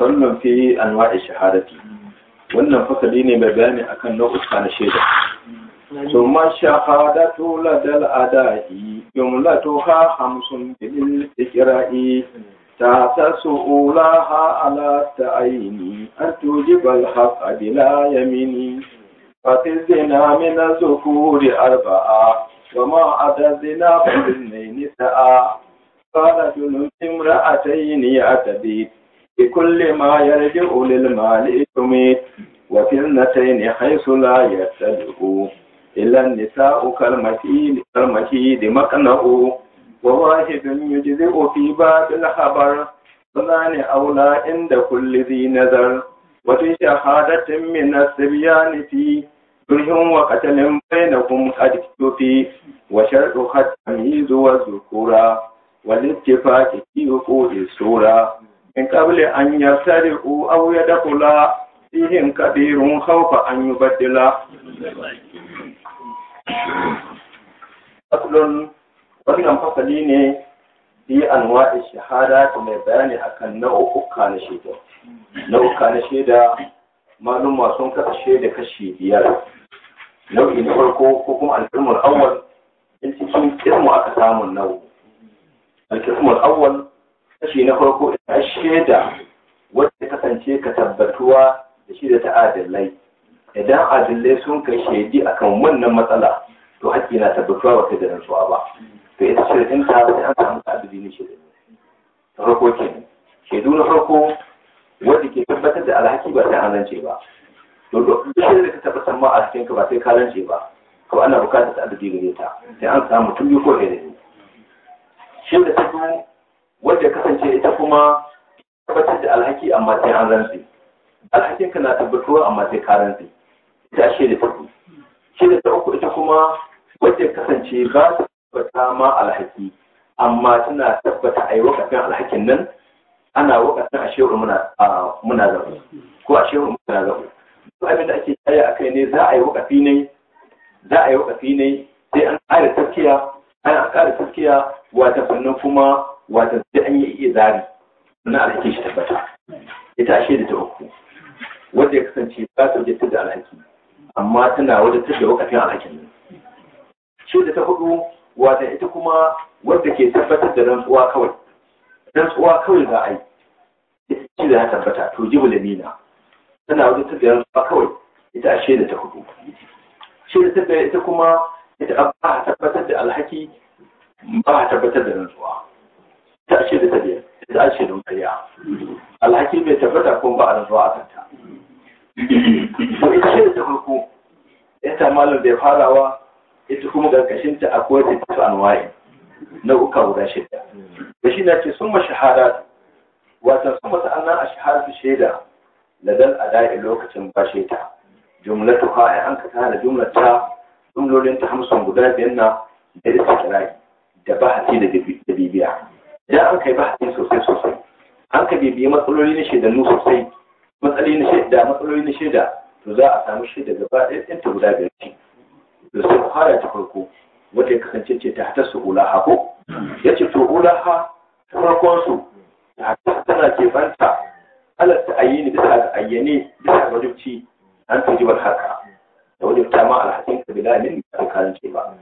Sannan fi anwa shahadati wannan fasali ne mai bayani akan nau'uka na shaida. Sun ma shahada to la dal adai, yun la to ha hamsun bilil ta su ula ha ala ta an tuji bal yamini. Fati zina mina arba'a, wa ma'ada zina bilil ne قال جنود امرأتين أتبيت بكل ما يرجع للمال تميت وفي اثنتين حيث لا يتبعوا إلا النساء كالمكيد كالمكيد مقنعوا وواحد يجزئ في باب الخبر ظنان أولى عند كل ذي نذر وفي شهادة من الصبيان في كره وقتل بينهم قد كفي وشرط التمييز والذكور walittifaqi fi wuqu'i sura in qabla an yasari'u aw yadkhula fihim kabirun khawfa an yubaddila aslan wannan fasali ne bi anwa'i shahara ko mai bayani akan nau'uka na shaida nau'uka na shaida malum ma sun kasa shaida kashi biyar nau'i na ko kuma al-umur awwal cikin ilmu aka samu nau'i alƙismul awwal kashi na farko ita shaida wanda kasance ka tabbatuwa da shi da ta adillai idan adillai sun kai shaidi akan wannan matsala to haƙƙi na tabbatuwa ba kai da rantsuwa ba to ita shirin ta da an samu adili ne shirin da farko kenan shaidu na farko wanda ke tabbatar da alhaki ba sai an rance ba to duk shirin da ka tabbatar ma a cikin ka ba sai ka rance ba to ana bukatar ta adili ne ta sai an samu tun biyu ko ɗaya shi da ta zo wadda kasance ita kuma tabbatar da alhaki amma sai an rantsi alhakin ka na tabbatuwa amma sai ka rantsi ita shi da ta shi da ta uku ita kuma wadda kasance ba ta tabbata ma alhaki amma tana tabbata a yi wakafin alhakin nan ana wakafin a shehu muna zaɓe ko a shehu muna zaɓe duk abin da ake kaya a kai ne za a yi wakafi ne za a yi wakafi ne sai an ƙara tafkiya ana ƙara taskiya wata sannan kuma wata sai an yi iya zari na alhaki shi tabbata ita ashe da ta uku wanda ya kasance ba su da da alhaki amma tana wadatar da wakafin alhakin nan shi da ta hudu wata ita kuma wadda ke tabbatar da rantsuwa kawai rantsuwa kawai za a yi shi da ya tabbata to jibu da nina tana wadatar da rantsuwa kawai ita ashe da ta hudu shi da ta ita kuma Idan ba a tabbatar da alhaki ba a tabbatar da nutsuwa. ta ce da tabiya ta ce da mutariya alhaki bai tabbata kuma ba a nutsuwa a kanta to ita ce ta farko ita malam bai farawa ita kuma karkashin a akwai ta tafi anwaye nau'uka guda shida da shi na ce sun ma shahada wata sun mata annan a shahadatu shaida ladal ada'i lokacin ba shaida jumlatu ha an ka tana jumlata jumlolin ta hamsin guda biyar na da istikirari da bahasi da bibiya idan an kai bahasi sosai sosai an ka bibiya matsaloli na shaidannu sosai matsaloli na shaida matsaloli na shaida to za a samu shaida gaba ɗaya ɗin ta guda biyar ce da sai fara ta farko wata ya kasance ce ta hatar su ulaha ko ya ce to ulaha ta farkon su ta hatar tana ke banta ta ayyini bisa ga ayyane bisa ga wajibci an tujibar harka. da wajibta ma alhakin bilalin da kayan ce ba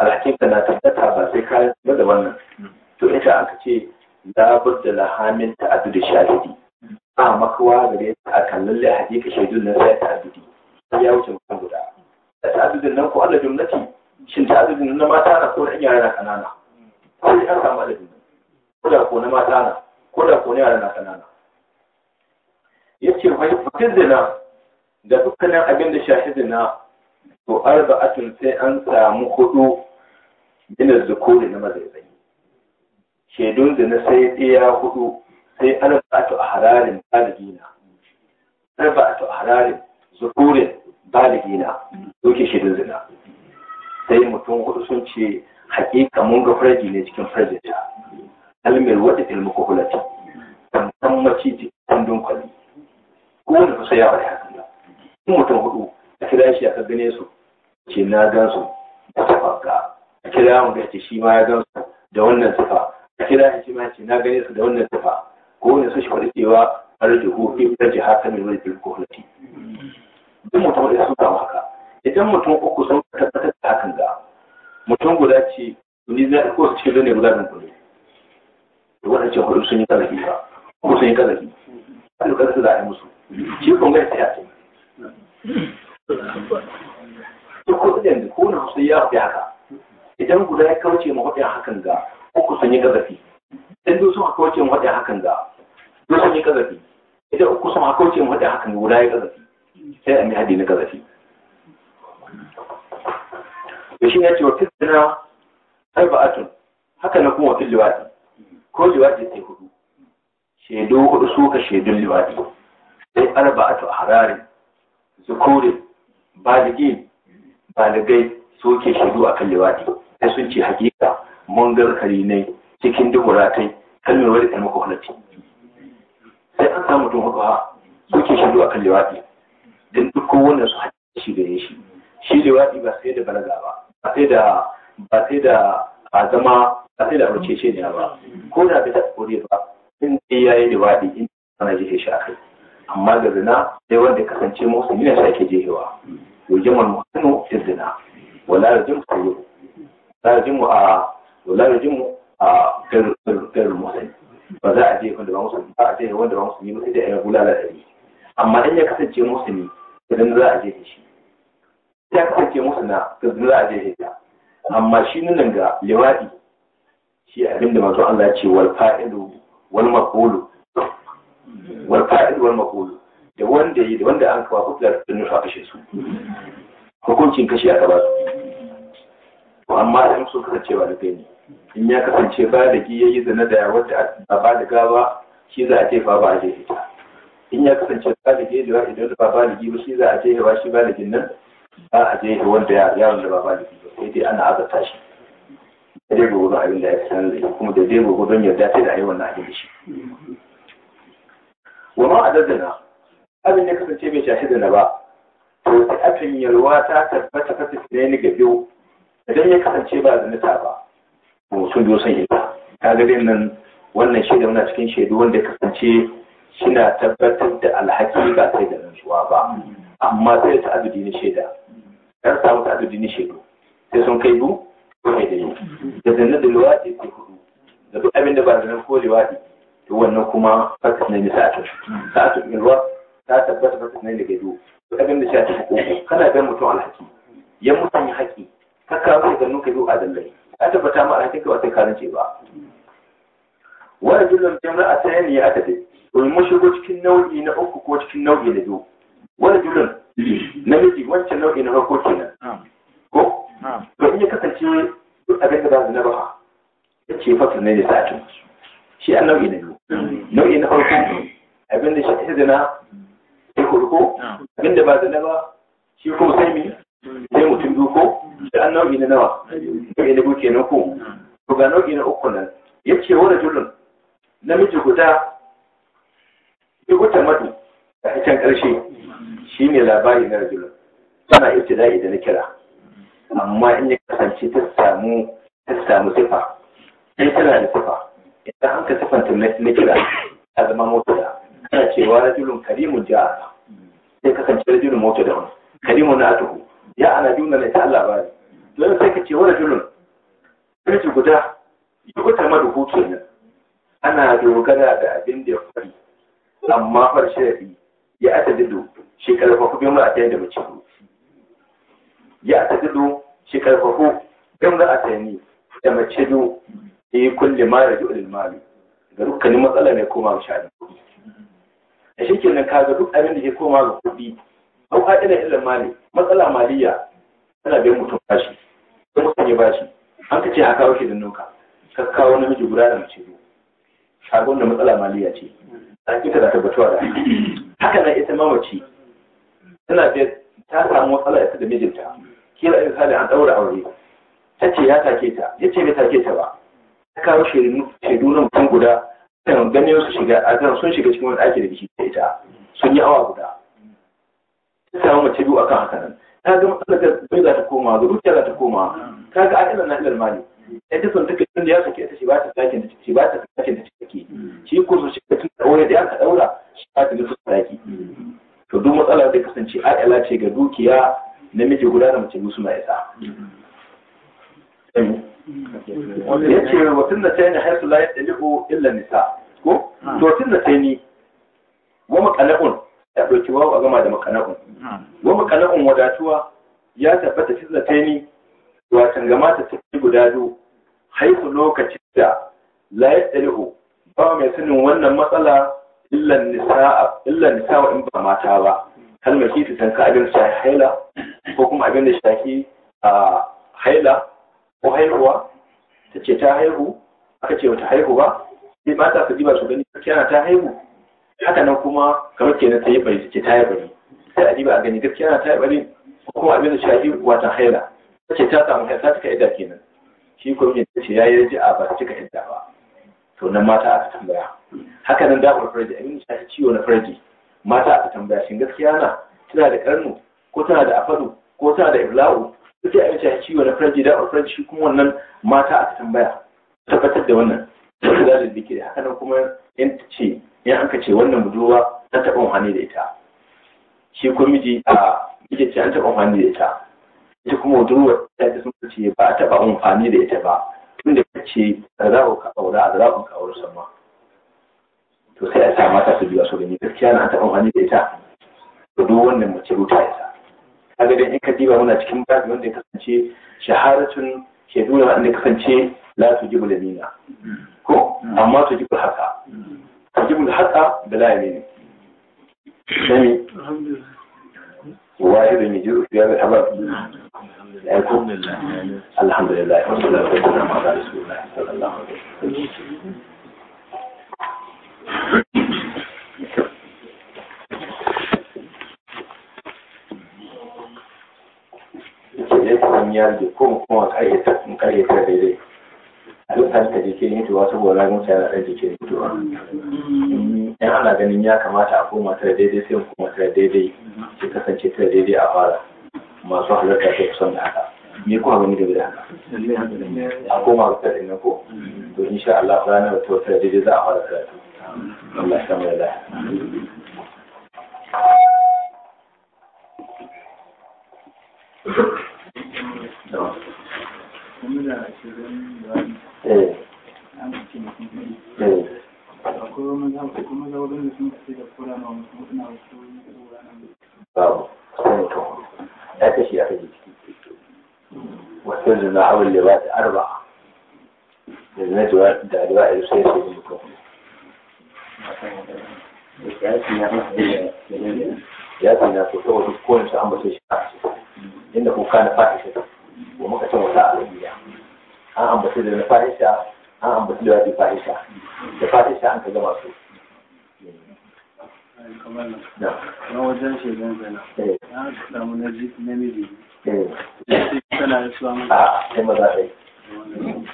alhakika na tabbata ba sai kayan ba da wannan to ita aka ce labar da lahamin ta'addu da shahidi a makawa da ne a kan lalle hakika shaidun nan sai ta'addudi ya wuce mutum guda da ta'addudin nan ko Allah jumlati shin ta'addudin na mata na ko na yara kanana ko ya samu adadin ko da ko na mata na ko da ko na yara na kanana yace fa fitizina da dukkanin abin da shahidina to arba'atun sai an samu hudu min zukuri na mazaizai shaidun da na sai ɗaya hudu sai arba'atu a hararin baligina arba'atu a hararin zukurin baligina doke shaidun zina sai mutum hudu sun ce hakika mun ga farji ne cikin farjinta almir wadda ilmu kukulati tamtan mace cikin dunkwali kowane kusa ya bari hakan da mutum hudu a kira shi a gane su na gansu da tafarka a kira mu da shi ma ya gansu da wannan sifa a kira shi ma ce na gane su da wannan sifa ko wani su shi faɗi cewa arjuhu fi fajji haka mai wani hulati duk mutum da su kama haka idan mutum uku sun tabbatar da hakan ga mutum guda ce ni za ko su cikin ne guda nan kullum da wadancan hudu sun yi kalafi ba ko sun yi kalafi a lokacin da a yi musu shi kun gaisa ya ce da kuɗi da yanzu kowane hausa ya fi haka idan guda ya kauce ma waɗin hakan ga uku sun yi gazafi idan biyu sun kauce ma waɗin hakan ga biyu sun yi gazafi idan uku sun kauce ma waɗin hakan ga guda ya gazafi sai a mai hadi na gazafi da shi ya ce wa fitina arba'atun haka na kuma wakil liwaɗi ko liwaɗi sai hudu shaidu hudu suka shaidun liwaɗi sai arba'atu a harare zukurin badigin ɗalibai soke shaidu a kan liwaɗi sai sun ce hakika mun ga ne cikin duburatai kalmar wadda kalmar kwakwalati sai an samu tun hudu ha soke shaidu a kan liwaɗi don duk kowane su haɗe shi gare shi shi liwaɗi ba sai da balaga ba ba sai da ba sai da a zama ba sai da amince shi ne ba ko da bai taɓa kore ba in dai ya yi liwaɗi in ana jihe shi a kai amma ga zina sai wanda kasance musulmi ne sai ake jihewa يجمع المحسن في الزنا ولا يجمع خيره لا يجمع ولا يجمع غير المحسن ba za a je wanda ba musulmi ba a je wanda ba musulmi ba sai ya bulala da ni amma in ya kasance musulmi idan za a je shi ya kasance musulma idan za a je shi amma shi nan ga liwadi shi abin da manzo Allah ya ce wal fa'ilu wal da wanda yi da wanda an kawo hudlar sun nufa kashe su hukuncin kashe aka ba su amma in sun kasance ba da gani in ya kasance ba da ki yayi zana da wadda a ba da gawa shi za a ce fa ba a je ita in ya kasance ba da gi da idan ba ba da gi ba shi za a ce ba shi ba da gin nan ba a je wanda ya yaron da ba ba da gi ba sai dai ana azabta shi daidai gobe abin da ya sanar zai kuma dai gobe don yadda sai da ayi wannan abin shi wa ma adadana abin da kasance bai shafi da na ba to sai akan yalwa ta tabbata ta tafiye ne ga biyu idan ya kasance ba da ta ba to sun biyo san illa ta ga nan wannan shaida muna cikin shaidu wanda kasance shina tabbatar da alhaki ba sai da nutsuwa ba amma sai ta adudi na shaida dan samu ta adudi na shaidu sai sun kai du ko mai dai da zanna da luwadi ko hudu da duk abin da ba da nan ko luwadi to wannan kuma fakat ne sa'atu sa'atu in ruwa ta tabbata ba sannan da gado to abin da shi a cikin kana bin mutum alhaki ya mutum ya haƙi ka kawo da ka zo a dallai Ka tabbata ma alhakin ka wata karance ba wani jirgin jama'a a tsaye ne ya aka dai domin mun shigo cikin nau'i na uku ko cikin nau'i na biyu wani jirgin namiji wancan nau'i na farko kenan ko Ba in ya kasance duk abin da ba su na ba ya ce fasul ne da sa'atin shi a nau'i na biyu nau'i na farko abin da shi ta zina kurko abinda ba zana ba shi ko sai mi sai mutum biyu ko da an nau'i na nawa nau'i na buke na ko to ga nau'i na uku nan ya ce wani julun namiji guda ya guta madu a can ƙarshe shi ne labari na rajulun tana ibtida'i da na kira amma in ya kasance ta samu ta samu sifa sai tana da sifa idan an ka sifanta na kira a zama mota ana cewa rajulun karimun ja'a sai kasance rajulun mota da wani kalimun na atuhu ya ana juna ne ta Allah bari don sai ka ce wani rajulun firji guda ya da hutu ne. ana dogara da abin da ya fari amma far sharadi ya ata dido karfa ku bin ma'a da mace ya ata dido karfa ku bin ma'a ne da mace do ya yi kulle mara da ulil mali ga dukkanin matsala ne koma sha'anin kuɗi da shi ke ka kaga duk abin da ke koma ga kuɗi au haɗina illan mali matsala maliya tana biyan mutum bashi don mutum ya bashi an ka ce a kawo shi da nuka ka kawo namiji guda da mace biyu shagon da matsala maliya ce hakika da tabbatuwa da haka na ita mamaci tana da ta samu matsala ita da mijinta kila in sale an ɗaura aure ta ce ya take ta ya ce bai take ta ba ta kawo shaidu na mutum guda kan ganin su shiga a kan sun shiga cikin wani ɗaki da biki da ita sun yi awa guda ta samu mace biyu akan haka nan ta zama matsalar bai za ta koma ga rukiya za ta koma ta ga aƙilar na ilal mali yadda sun take tun da ya sake ta shi ba ta ɗakin da shi ba ta ɗakin da take shi ko su shiga tun da aure da ya ka ɗaura shi ba ta ga su ɗaki to duk matsala zai kasance aƙila ce ga dukiya namiji guda da mace biyu suna isa. ya ce wa tun ta tani haisu la yadliqu illa nisa ko to tun ta tani wa makana'un ya ɗauki wa a gama da makana'un wa makana'un wadatuwa ya tabbata da ta ne watan gama ta tafi guda biyu haisu lokacin da la yadliqu ba mai sanin wannan matsala illa nisa wa in ba mata ba kalmar shi su tanka abin shahila ko kuma abin da shahi a ah, haila ko haihuwa ta ce ta haihu aka ce wata haihu ba sai mata su jiba su gani gaskiya ta haihu haka nan kuma kamar kenan ta yi bari ta ce ta yi bari sai a jiba a gani gaskiya ta yi bari ko kuma abin da shafi wata haila ta ce ta samu haila ta cika idda kenan shi ko ne ta ce ya yi a ba ta cika idda ba to nan mata aka tambaya haka nan damar farji abin da shafi ciwo na farji mata aka tambaya shin gaskiya na tana da karnu ko tana da afadu ko tana da ibla'u sai a yi ciwo na farji da a shi kuma wannan mata aka tambaya tabbatar da wannan sai da zikiri haka nan kuma yan ce yan anka ce wannan budurwa ta taɓa amfani da ita shi ko miji a miji ce an taɓa amfani da ita ita kuma budurwa ta ce sun ce ba a taɓa amfani da ita ba tunda ka ce ku ka aura a raza'u ka aure sama to sai a sa mata su biya su gani gaskiya na an taɓa amfani da ita Budurwa wannan mace ruta ya sa kaga da in ka diba muna cikin babi wanda ya kasance shaharatun ke nuna wanda kasance la tujibu lamina ko amma tujibu haka tujibu haka da la yamin sami wahid min jiru ya ga habab alhamdulillah alhamdulillah wassalatu ya rage ko mu kuma karye ta mun karye ta daidai a duk halitta da ke mutuwa saboda ramin sa ya rage ke mutuwa in ana ganin ya kamata a koma ta daidai sai mu koma ta daidai ke kasance ta daidai a fara masu halarta ta kusan da haka me kuma wani da haka a koma ta daidai ko mm-hmm. to insha Allah ranar ta wata daidai za a fara karatu Allah ya samu da lafiya لا تشي يا أخي وحزن حول لغاية أربعة لازمات دعاء الوسيس بالمكروفون ياتينا كتوبة كون سأمر في شخص إنه كان فاحشة ومكتم وساء الأنبياء أنا أمبتل الفاحشة أنا أمبتل هذه الفاحشة الفاحشة أنت جمع سوء na wajen shegan zana eh. na samu namiji tana eh. suwa mai a ah, sai maza ɗai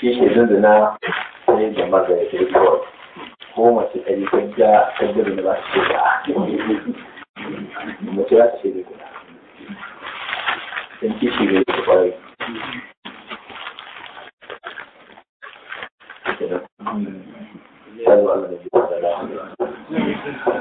shi shegan na, sai da maza ya kai kawai ko mace ta yi kajja kajja da ba su shega mace za ta shega kuna don kishi ne ta kwarai Thank you.